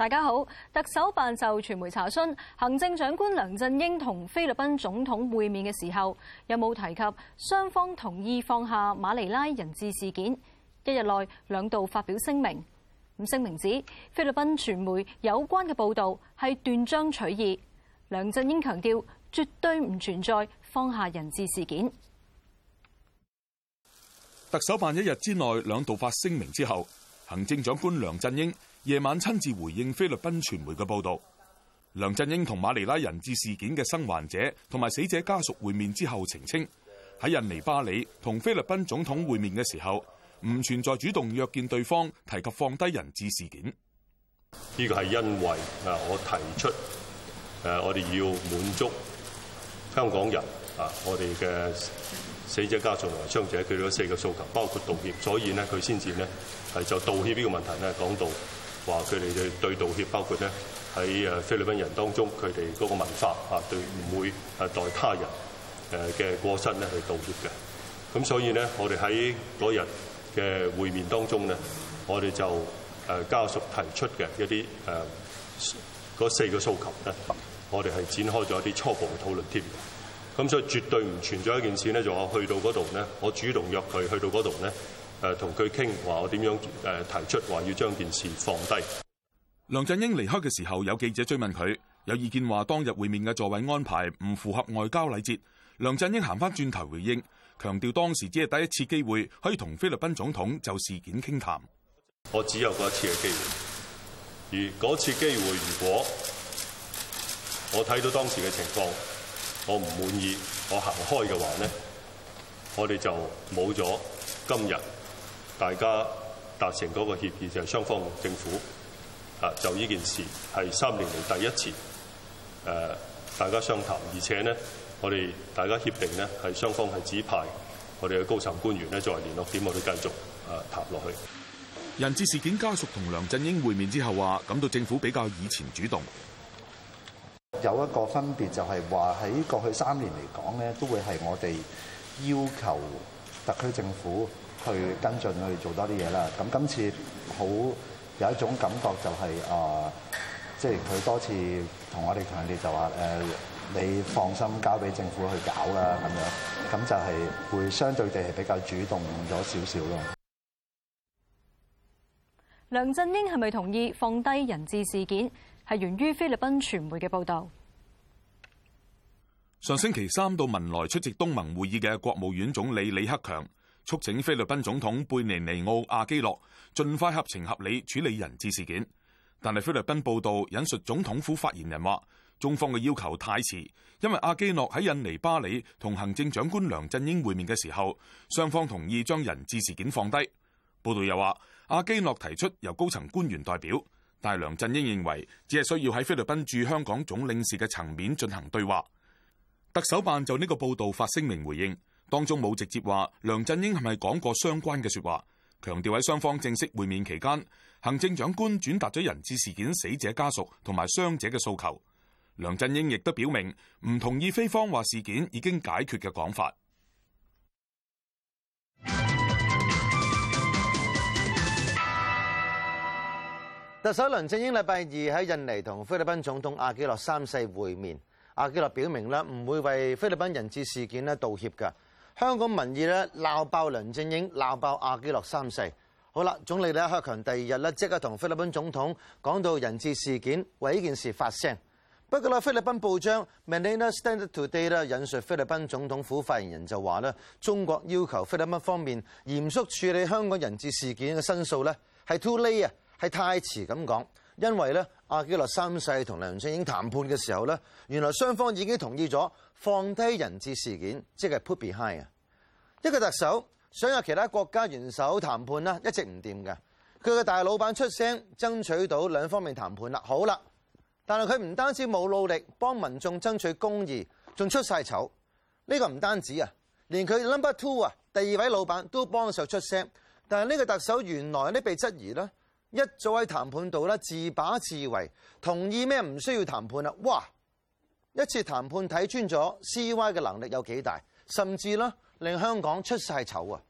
大家好，特首辦就傳媒查詢行政長官梁振英同菲律賓總統會面嘅時候有冇提及雙方同意放下馬尼拉人質事件，一日內兩度發表聲明，咁聲明指菲律賓傳媒有關嘅報導係斷章取義。梁振英強調絕對唔存在放下人質事件。特首辦一日之內兩度發聲明之後。行政長官梁振英夜晚親自回應菲律賓傳媒嘅報道。梁振英同馬尼拉人質事件嘅生還者同埋死者家屬會面之後澄清，喺印尼巴里同菲律賓總統會面嘅時候，唔存在主動約見對方提及放低人質事件。呢個係因為啊，我提出誒，我哋要滿足香港人。我哋嘅死者家屬同埋傷者佢哋四個訴求，包括道歉，所以咧佢先至咧係就道歉呢個問題咧講到，話佢哋對道歉包括咧喺誒菲律賓人當中佢哋嗰個文化嚇對唔會誒代他人誒嘅過失咧去道歉嘅。咁所以咧，我哋喺嗰日嘅會面當中咧，我哋就誒家屬提出嘅一啲誒嗰四個訴求咧，我哋係展開咗一啲初步嘅討論添。咁所以絕對唔存在一件事呢，就我去到嗰度呢，我主動約佢去到嗰度呢，誒同佢傾話，呃、我點樣誒、呃、提出話要將件事放低。梁振英離開嘅時候，有記者追問佢有意見，話當日會面嘅座位安排唔符合外交禮節。梁振英行翻轉頭回應，強調當時只係第一次機會可以同菲律賓總統就事件傾談，談。我只有嗰一次嘅機會，而嗰次機會如果我睇到當時嘅情況。我唔滿意，我行開嘅話呢，我哋就冇咗今日大家達成嗰個協議，就係雙方政府啊，就呢件事係三年嚟第一次大家商談，而且呢，我哋大家協定呢係雙方係指派我哋嘅高層官員呢作為聯絡點，我哋繼續誒談落去。人質事件家屬同梁振英會面之後話，感到政府比較以前主動。有一個分別就係話喺過去三年嚟講咧，都會係我哋要求特區政府去跟進去做多啲嘢啦。咁今次好有一種感覺就係、是、啊，即係佢多次同我哋強烈就話誒、啊，你放心交俾政府去搞啦咁樣，咁就係會相對地係比較主動咗少少咯。梁振英係咪同意放低人質事件？係源於菲律賓傳媒嘅報道。上星期三到文萊出席東盟會議嘅國務院總理李克強，促請菲律賓總統貝尼尼奧阿基諾盡快合情合理處理人質事件。但係菲律賓報道引述總統府發言人話，中方嘅要求太遲，因為阿基諾喺印尼巴里同行政長官梁振英會面嘅時候，雙方同意將人質事件放低。報道又話，阿基諾提出由高層官員代表。但梁振英認為，只係需要喺菲律賓駐香港總領事嘅層面進行對話。特首辦就呢個報導發聲明回應，當中冇直接話梁振英係咪講過相關嘅說話。強調喺雙方正式會面期間，行政長官轉達咗人質事件死者家屬同埋傷者嘅訴求。梁振英亦都表明唔同意菲方話事件已經解決嘅講法。特首梁振英禮拜二喺印尼同菲律賓總統阿基諾三世會面，阿基諾表明咧唔會為菲律賓人質事件咧道歉嘅。香港民意咧鬧爆梁振英，鬧爆阿基諾三世。好啦，總理李克強第二日咧即刻同菲律賓總統講到人質事件，為呢件事發聲。不過咧，菲律賓報章 Manila Standard Today 咧引述菲律賓總統府發言人就話咧，中國要求菲律賓方面嚴肅處理香港人質事件嘅申訴咧係 too late 啊！係太遲咁講，因為咧，阿基諾三世同梁振英談判嘅時候咧，原來雙方已經同意咗放低人質事件，即係 put behind 啊。一個特首想有其他國家元首談判啦，一直唔掂嘅。佢嘅大老闆出聲爭取到兩方面談判啦，好啦，但係佢唔單止冇努力幫民眾爭取公義，仲出晒醜。呢個唔單止啊，連佢 number two 啊第二位老闆都幫手出聲，但係呢個特首原來呢，被質疑咧。一早喺談判度咧自把自為，同意咩唔需要談判呀！哇，一次談判睇穿咗 C Y 嘅能力有幾大，甚至咧令香港出晒醜啊！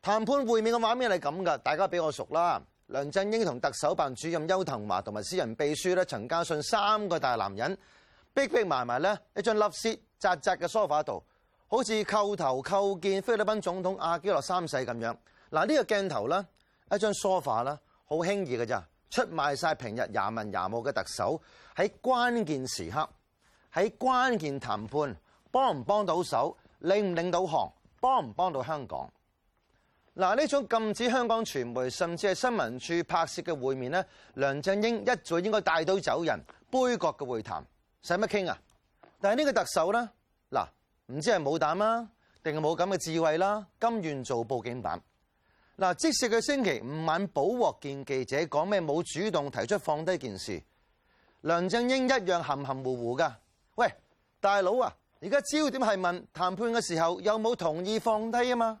談判會面嘅畫面係咁噶，大家比我熟啦。梁振英同特首辦主任邱騰華同埋私人秘書咧陳家信三個大男人，逼逼埋埋咧一張粒絲窄窄嘅梳化度，好似叩頭叩見菲律賓總統阿基諾三世咁樣。嗱、這、呢個鏡頭咧。一張梳化啦，好輕易嘅咋。出賣曬平日廿文廿武嘅特首喺關鍵時刻喺關鍵談判幫唔幫到手領唔領到航幫唔幫到香港？嗱，呢種禁止香港傳媒甚至係新聞處拍攝嘅會面呢，梁振英一早應該帶到走人，杯葛嘅會談使乜傾啊？但係呢個特首呢，嗱，唔知係冇膽啦，定係冇咁嘅智慧啦，甘願做布景板。嗱，即使佢星期五晚保獲見記者，講咩冇主動提出放低件事，梁振英一樣含含糊糊㗎。喂，大佬啊，而家焦點係問談判嘅時候有冇同意放低啊嘛？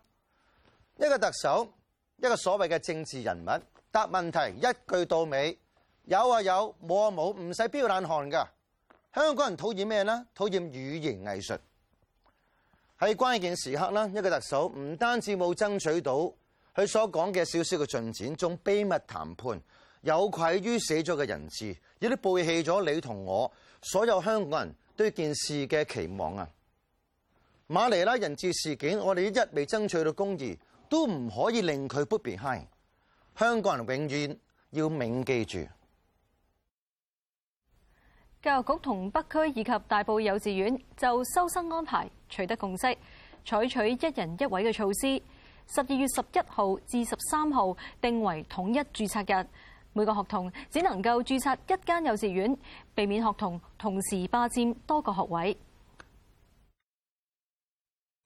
一個特首，一個所謂嘅政治人物，答問題一句到尾，有啊有，冇啊冇，唔使飆冷汗㗎。香港人討厭咩呢？討厭語言藝術。喺關鍵時刻呢，一個特首唔單止冇爭取到。佢所講嘅少少嘅進展，種秘密談判，有愧於死咗嘅人質，亦都背棄咗你同我所有香港人對件事嘅期望啊！馬尼拉人質事件，我哋一未爭取到公義，都唔可以令佢不變 high。香港人永遠要銘記住。教育局同北區以及大埔幼稚園就收生安排取得共識，採取一人一位嘅措施。十二月十一號至十三號定為統一註冊日，每個學童只能夠註冊一間幼稚園，避免學童同時霸佔多個學位。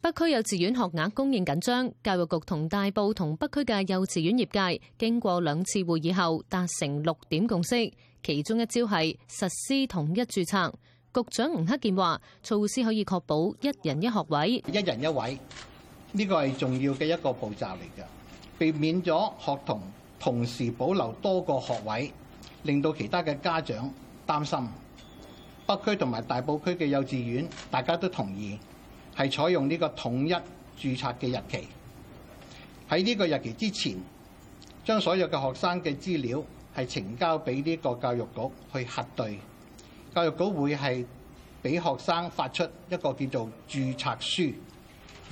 北區幼稚園學額供應緊張，教育局同大埔同北區嘅幼稚園業界經過兩次會議後達成六點共識，其中一招係實施統一註冊。局長吳克健話：措施可以確保一人一學位，一人一位。呢個係重要嘅一個步驟嚟嘅，避免咗學童同時保留多個學位，令到其他嘅家長擔心。北區同埋大埔區嘅幼稚園大家都同意係採用呢個統一註冊嘅日期。喺呢個日期之前，將所有嘅學生嘅資料係呈交俾呢個教育局去核對，教育局會係俾學生發出一個叫做註冊書。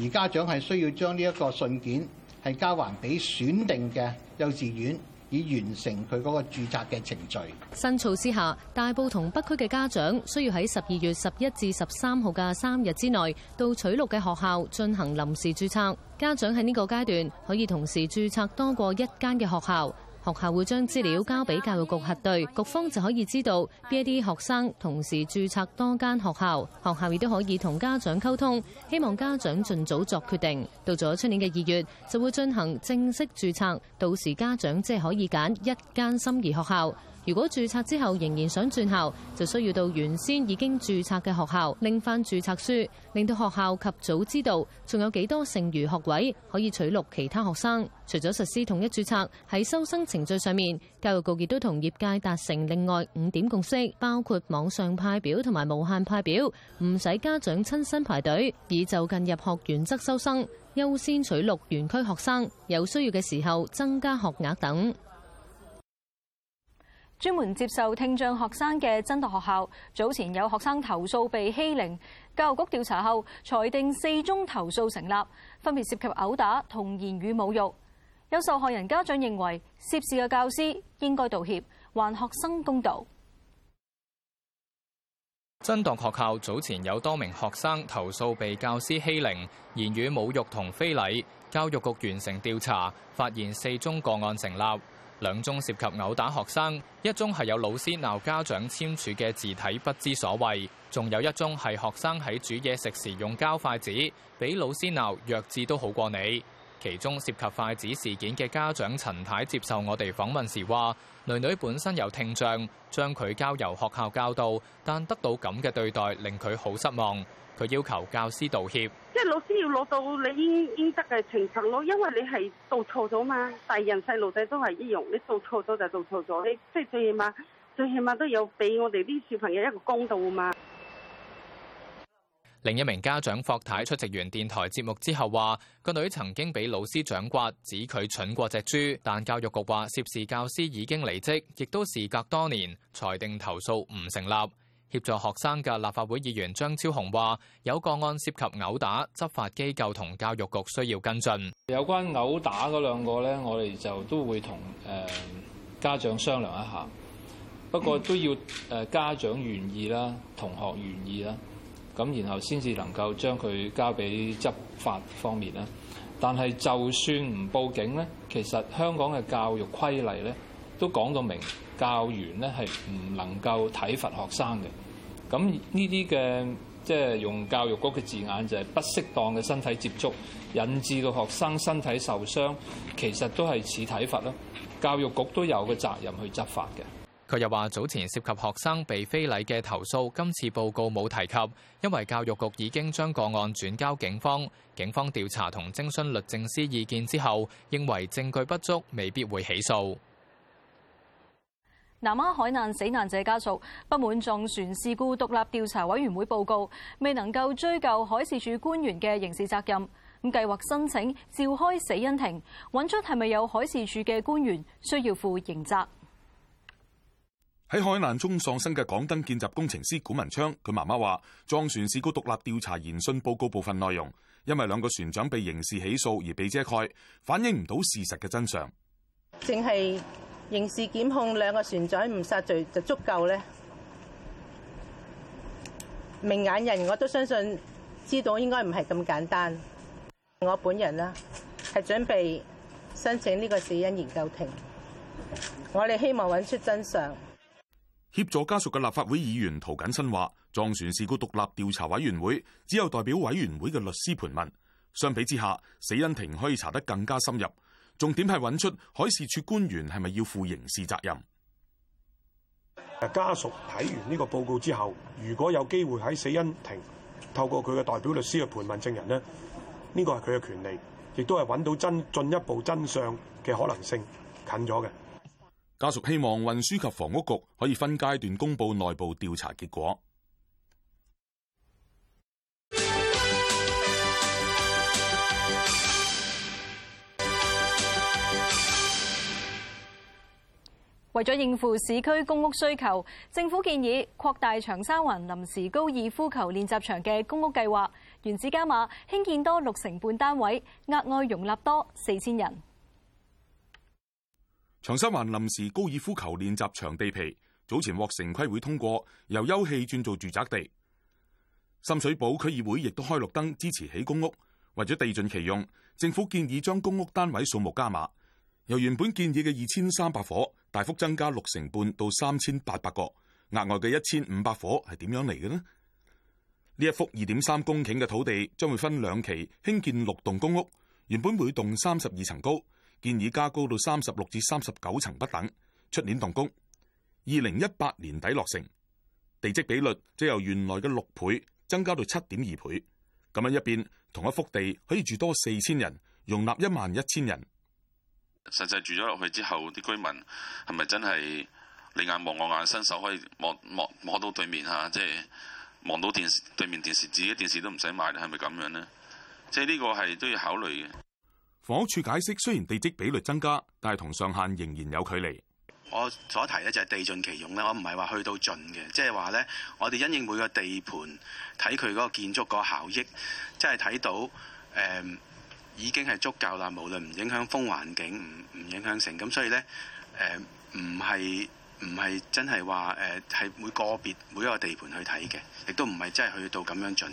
而家長係需要將呢一個信件係交還俾選定嘅幼稚園，以完成佢嗰個註冊嘅程序。新措施下，大埔同北區嘅家長需要喺十二月十一至十三號嘅三日之內到取錄嘅學校進行臨時註冊。家長喺呢個階段可以同時註冊多過一間嘅學校。學校會將資料交俾教育局核對，局方就可以知道邊一啲學生同時註冊多間學校，學校亦都可以同家長溝通，希望家長盡早作決定。到咗出年嘅二月，就會進行正式註冊，到時家長即係可以揀一間心儀學校。如果註冊之後仍然想轉校，就需要到原先已經註冊嘅學校拎翻註冊書，令到學校及早知道仲有幾多剩餘學位可以取錄其他學生。除咗實施統一註冊，喺收生程序上面，教育局亦都同業界達成另外五點共識，包括網上派表同埋無限派表，唔使家長親身排隊，以就近入學原則收生，優先取錄原區學生，有需要嘅時候增加學額等。專門接受聽障學生嘅真鐸學校，早前有學生投訴被欺凌，教育局調查後裁定四宗投訴成立，分別涉及毆打同言語侮辱。有受害人家長認為涉事嘅教師應該道歉，還學生公道。真鐸學校早前有多名學生投訴被教師欺凌、言語侮辱同非禮，教育局完成調查，發現四宗個案成立。兩宗涉及毆打學生，一宗係有老師鬧家長簽署嘅字體不知所謂，仲有一宗係學生喺煮嘢食時用膠筷子俾老師鬧弱智都好過你。其中涉及筷子事件嘅家長陳太接受我哋訪問時話，女女本身有聽障，將佢交由學校教導，但得到咁嘅對待令佢好失望。佢要求教師道歉，即係老師要攞到你應應得嘅懲罰咯，因為你係做錯咗嘛。大人細路仔都係一樣，你做錯咗就做錯咗，你即係最起碼最起碼都有俾我哋啲小朋友一個公道啊嘛。另一名家長霍太出席完電台節目之後話：個女曾經俾老師掌摑，指佢蠢過隻豬。但教育局話涉事教師已經離職，亦都事隔多年，裁定投訴唔成立。協助學生嘅立法會議員張超雄話：有個案涉及毆打，執法機構同教育局需要跟進。有關毆打嗰兩個咧，我哋就都會同誒、呃、家長商量一下，不過都要誒家長願意啦，同學願意啦，咁然後先至能夠將佢交俾執法方面啦。但係就算唔報警咧，其實香港嘅教育規例咧都講到明，教員咧係唔能夠體罰學生嘅。咁呢啲嘅即係用教育局嘅字眼就係不適當嘅身體接觸，引致到學生身體受傷，其實都係似體罰咯。教育局都有個責任去執法嘅。佢又話早前涉及學生被非禮嘅投訴，今次報告冇提及，因為教育局已經將個案轉交警方，警方調查同徵詢律政司意見之後，認為證據不足，未必會起訴。南丫海難死難者家屬不滿撞船事故獨立調查委員會報告未能夠追究海事處官員嘅刑事責任，咁計劃申請召開死因庭，揾出係咪有海事處嘅官員需要負刑責。喺海難中喪生嘅港燈見習工程師古文昌，佢媽媽話撞船事故獨立調查研訊報告部分內容，因為兩個船長被刑事起訴而被遮蓋，反映唔到事實嘅真相。正係。刑事檢控兩個船長誤殺罪就足夠呢？明眼人我都相信知道應該唔係咁簡單。我本人呢係準備申請呢個死因研究庭，我哋希望揾出真相。協助家屬嘅立法會議員涂謹申話，撞船事故獨立調查委員會只有代表委員會嘅律師盤問，相比之下，死因庭可以查得更加深入。重點係搵出海事處官員係咪要負刑事責任？家屬睇完呢個報告之後，如果有機會喺死因庭透過佢嘅代表律師去盤問證人咧，呢個係佢嘅權利，亦都係搵到真進一步真相嘅可能性近咗嘅。家屬希望運輸及房屋局可以分階段公布內部調查結果。為咗應付市區公屋需求，政府建議擴大長沙灣臨時高爾夫球練習場嘅公屋計劃，原址加碼興建多六成半單位，額外容納多四千人。長沙灣臨時高爾夫球練習場地皮早前獲城規會通過，由休憩轉做住宅地。深水埗區議會亦都開綠燈支持起公屋，為咗地盡其用，政府建議將公屋單位數目加碼。由原本建議嘅二千三百伙大幅增加六成半到三千八百個，額外嘅一千五百伙係點樣嚟嘅呢？呢一幅二點三公頃嘅土地將會分兩期興建六棟公屋，原本每棟三十二層高，建議加高到三十六至三十九層不等，出年動工，二零一八年底落成，地積比率就由原來嘅六倍增加到七點二倍，咁樣一邊同一幅地可以住多四千人，容納一萬一千人。實際住咗落去之後，啲居民係咪真係你眼望我眼，伸手可以望望摸，摸到對面吓，即係望到電視對面電視，自己電視都唔使買，係咪咁樣咧？即係呢個係都要考慮嘅。房屋署解釋，雖然地積比率增加，但係同上限仍然有距離。我所提咧就係地盡其用啦，我唔係話去到盡嘅，即係話咧，我哋因應每個地盤睇佢嗰個建築個效益，即係睇到誒。呃已經係足夠啦，無論唔影響風環境，唔唔影響城，咁所以咧，誒唔係唔係真係話誒係每個別每一個地盤去睇嘅，亦都唔係真係去到咁樣盡。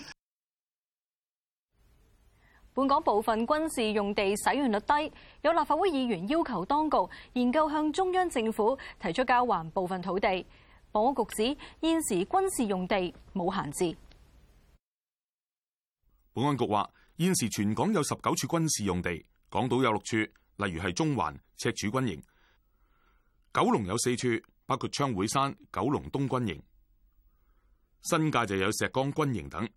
本港部分軍事用地使用率低，有立法會議員要求當局研究向中央政府提出交還部分土地。保安局指現時軍事用地冇限制。保安局話。現時全港有十九處軍事用地，港島有六處，例如係中環、赤柱軍營；九龍有四處，包括槍會山、九龍東軍營；新界就有石崗軍營等。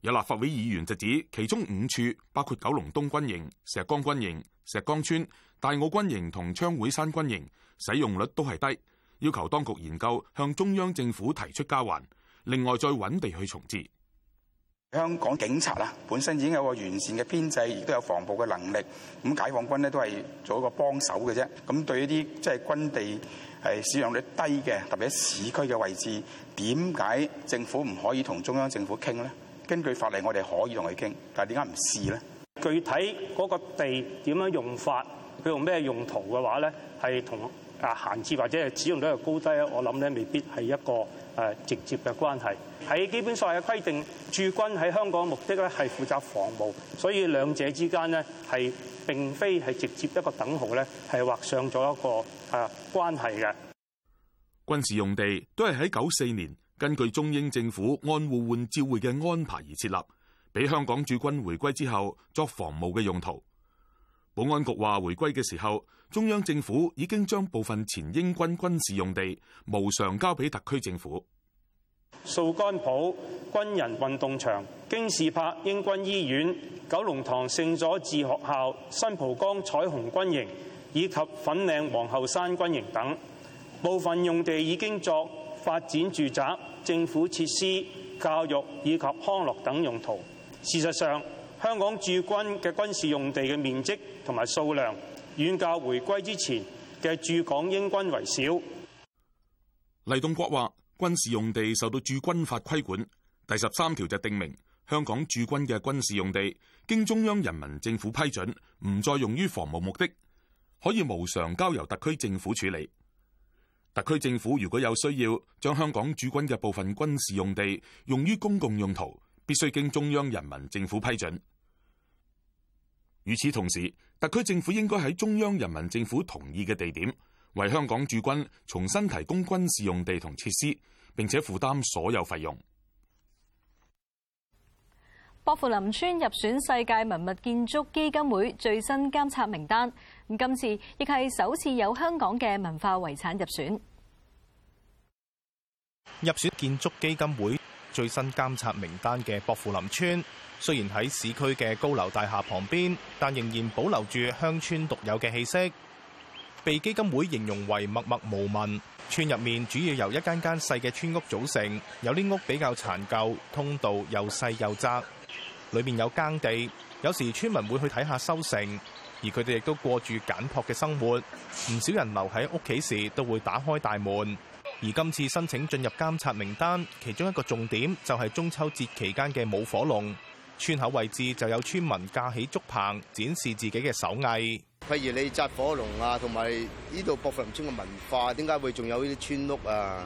有立法會議員就指，其中五處，包括九龍東軍營、石崗軍營、石崗村、大澳軍營同槍會山軍營，使用率都係低，要求當局研究向中央政府提出交還，另外再揾地去重置。香港警察啦，本身已經有個完善嘅編制，亦都有防暴嘅能力。咁解放軍咧都係做一個幫手嘅啫。咁對一啲即係軍地係使用率低嘅，特別喺市區嘅位置，點解政府唔可以同中央政府傾咧？根據法例，我哋可以同佢傾，但係點解唔試咧？具體嗰個地點樣用法，佢用咩用途嘅話咧，係同。啊，閒置或者使用率高低咧，我諗咧未必係一個誒直接嘅關係。喺基本法嘅規定，駐軍喺香港的目的咧係負責防務，所以兩者之間呢，係並非係直接一個等號咧，係畫上咗一個啊關係嘅。軍事用地都係喺九四年根據中英政府按互換照會嘅安排而設立，俾香港駐軍回歸之後作防務嘅用途。保安局話，回歸嘅時候，中央政府已經將部分前英軍軍事用地無償交俾特區政府。掃桿埔軍人運動場、京士柏英軍醫院、九龍塘聖佐治學校、新蒲崗彩虹軍營以及粉嶺皇后山軍營等部分用地已經作發展住宅、政府設施、教育以及康樂等用途。事實上，香港駐軍嘅軍事用地嘅面積同埋數量，遠較回歸之前嘅駐港英軍為少。黎棟國話：軍事用地受到駐軍法規管，第十三條就定明，香港駐軍嘅軍事用地，經中央人民政府批准，唔再用於防務目的，可以無償交由特區政府處理。特區政府如果有需要，將香港駐軍嘅部分軍事用地用於公共用途。必須經中央人民政府批准。與此同時，特區政府應該喺中央人民政府同意嘅地點，為香港駐軍重新提供軍事用地同設施，並且負擔所有費用。薄扶林村入選世界文物建築基金會最新監察名單，今次亦係首次有香港嘅文化遺產入選。入選建築基金會。最新監察名單嘅薄扶林村，雖然喺市區嘅高樓大廈旁邊，但仍然保留住鄉村獨有嘅氣息。被基金會形容為默默無聞。村入面主要由一間間細嘅村屋組成，有啲屋比較殘舊，通道又細又窄。裏面有耕地，有時村民會去睇下收成。而佢哋亦都過住簡樸嘅生活。唔少人留喺屋企時，都會打開大門。而今次申請進入監察名單，其中一個重點就係中秋節期間嘅舞火龍。村口位置，就有村民架起竹棚展示自己嘅手藝。譬如你紮火龍啊，同埋呢度薄扶林村嘅文化，點解會仲有呢啲村屋啊？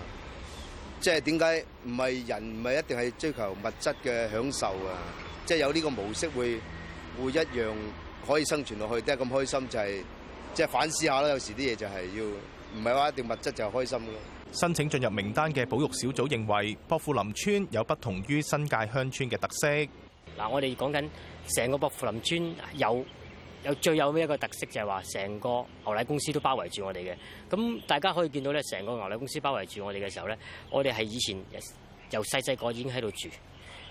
即係點解唔係人唔係一定係追求物質嘅享受啊？即係有呢個模式會會一樣可以生存落去，得咁開心就係即係反思下啦。有時啲嘢就係要唔係話一定物質就係開心㗎。申請進入名單嘅保育小組認為，薄扶林村有不同於新界鄉村嘅特色。嗱，我哋講緊成個薄扶林村有有最有咩一個特色，就係話成個牛奶公司都包圍住我哋嘅。咁大家可以見到咧，成個牛奶公司包圍住我哋嘅時候咧，我哋係以前由細細個已經喺度住。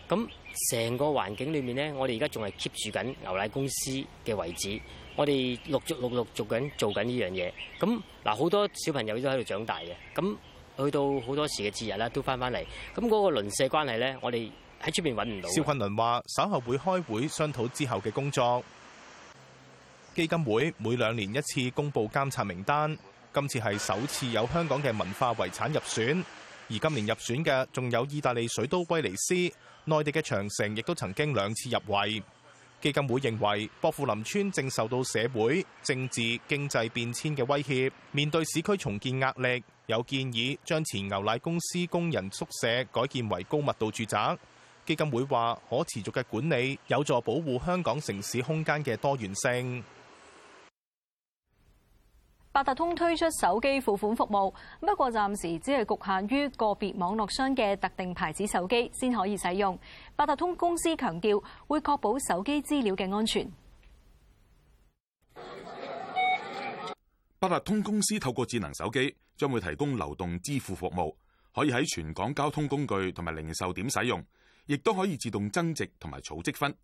咁成個環境裏面咧，我哋而家仲係 keep 住緊牛奶公司嘅位置。我哋陸續陸陸續緊做緊呢樣嘢。咁嗱，好多小朋友都喺度長大嘅。咁去到好多時嘅節日呢都翻翻嚟。咁嗰個鄰舍關係呢，我哋喺出邊揾唔到。肖昆倫話：稍後會開會商討之後嘅工作。基金會每兩年一次公佈監察名單，今次係首次有香港嘅文化遺產入選，而今年入選嘅仲有意大利水都威尼斯，內地嘅長城亦都曾經兩次入圍。基金會認為，薄扶林村正受到社會、政治、經濟變遷嘅威脅，面對市區重建壓力，有建議將前牛奶公司工人宿舍改建為高密度住宅。基金會話，可持續嘅管理有助保護香港城市空間嘅多元性。八達通推出手機付款服務，不過暫時只係局限於個別網絡商嘅特定牌子手機先可以使用。八達通公司強調會確保手機資料嘅安全。八達通公司透過智能手機將會提供流動支付服務，可以喺全港交通工具同埋零售點使用，亦都可以自動增值同埋儲積分。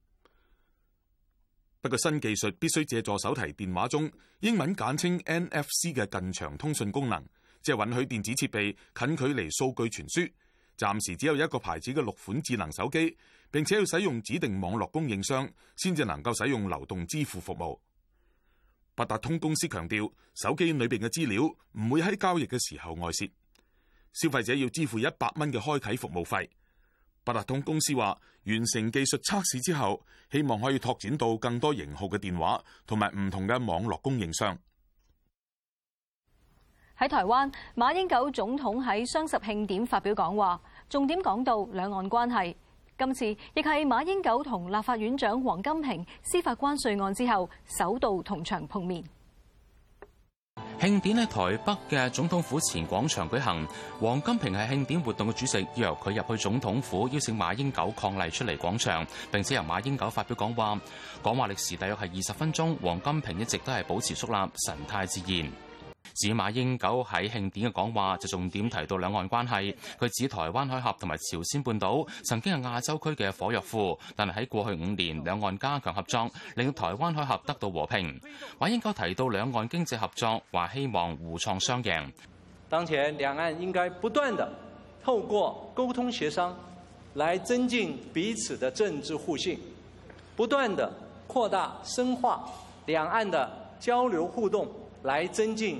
不過新技術必須借助手提電話中英文簡稱 NFC 嘅近場通訊功能，即係允許電子設備近距離數據傳輸。暫時只有一個牌子嘅六款智能手機，並且要使用指定網絡供應商，先至能夠使用流動支付服務。八達通公司強調，手機裏邊嘅資料唔會喺交易嘅時候外泄。消費者要支付一百蚊嘅開啟服務費。八達通公司話，完成技術測試之後，希望可以拓展到更多型號嘅電話同埋唔同嘅網絡供應商。喺台灣，馬英九總統喺雙十慶典發表講話，重點講到兩岸關係。今次亦係馬英九同立法院長王金平司法關稅案之後首度同場碰面。慶典喺台北嘅總統府前廣場舉行，王金平係慶典活動嘅主席，要由佢入去總統府邀請馬英九伉儷出嚟廣場，並且由馬英九發表講話，講話歷時大約係二十分鐘，王金平一直都係保持肅立，神態自然。指馬英九喺慶典嘅講話就重點提到兩岸關係，佢指台灣海峽同埋朝鮮半島曾經係亞洲區嘅火藥庫，但係喺過去五年兩岸加強合作，令台灣海峽得到和平。馬英九提到兩岸經濟合作，話希望互創雙贏。當前兩岸應該不斷的透過溝通協商，來增進彼此的政治互信，不斷的擴大深化兩岸的交流互動，來增進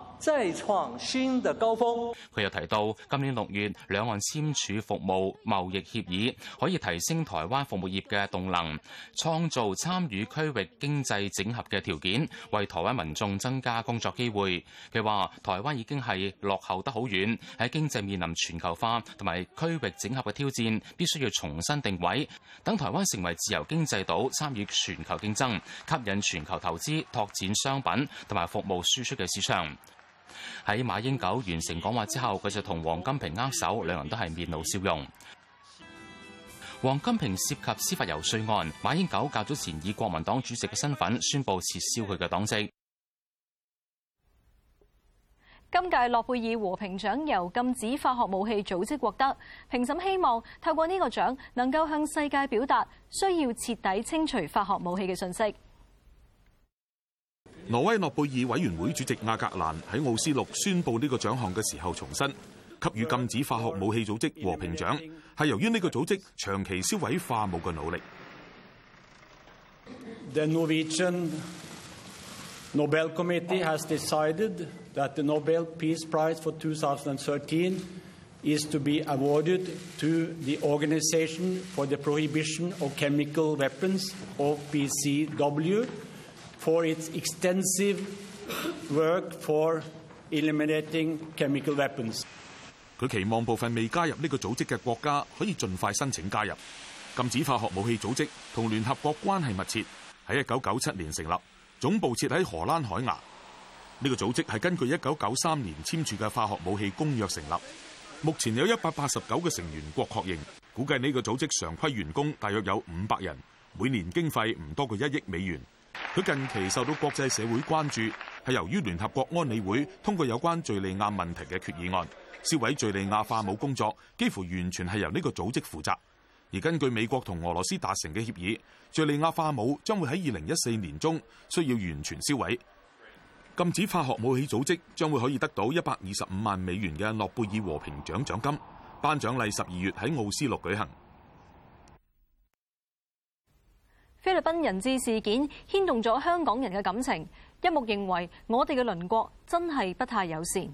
再創新的高峰。佢又提到，今年六月兩岸簽署服務貿易協議，可以提升台灣服務業嘅動能，創造參與區域經濟整合嘅條件，為台灣民眾增加工作機會。佢話台灣已經係落後得好遠，喺經濟面臨全球化同埋區域整合嘅挑戰，必須要重新定位，等台灣成為自由經濟島，參與全球競爭，吸引全球投資拓展商品同埋服務輸出嘅市場。喺馬英九完成講話之後，佢就同王金平握手，兩人都係面露笑容。王金平涉及司法遊說案，馬英九較早前以國民黨主席嘅身份宣布撤銷佢嘅黨籍。今屆諾貝爾和平獎由禁止化學武器組織獲得，評審希望透過呢個獎，能夠向世界表達需要徹底清除化學武器嘅信息。挪威諾貝爾委員會主席亞格蘭喺奧斯陸宣布呢個獎項嘅時候重申，給予禁止化學武器組織和平獎，係由於呢個組織長期銷毀化武嘅努力。佢期望部分未加入呢個組織嘅國家可以盡快申請加入。禁止化學武器組織同聯合國關係密切，喺一九九七年成立，總部設喺荷蘭海牙。呢、這個組織係根據一九九三年簽署嘅化學武器公約成立。目前有一百八十九個成員國確認。估計呢個組織常規員工大約有五百人，每年經費唔多過一億美元。佢近期受到國際社會關注，係由於聯合國安理會通過有關敍利亞問題嘅決議案，銷毀敍利亞化武工作幾乎完全係由呢個組織負責。而根據美國同俄羅斯達成嘅協議，敍利亞化武將會喺二零一四年中需要完全銷毀。禁止化學武器組織將會可以得到一百二十五萬美元嘅諾貝爾和平獎獎金，頒獎禮十二月喺奧斯陸舉行。菲律賓人質事件牽動咗香港人嘅感情，一直認為我哋嘅鄰國真係不太友善。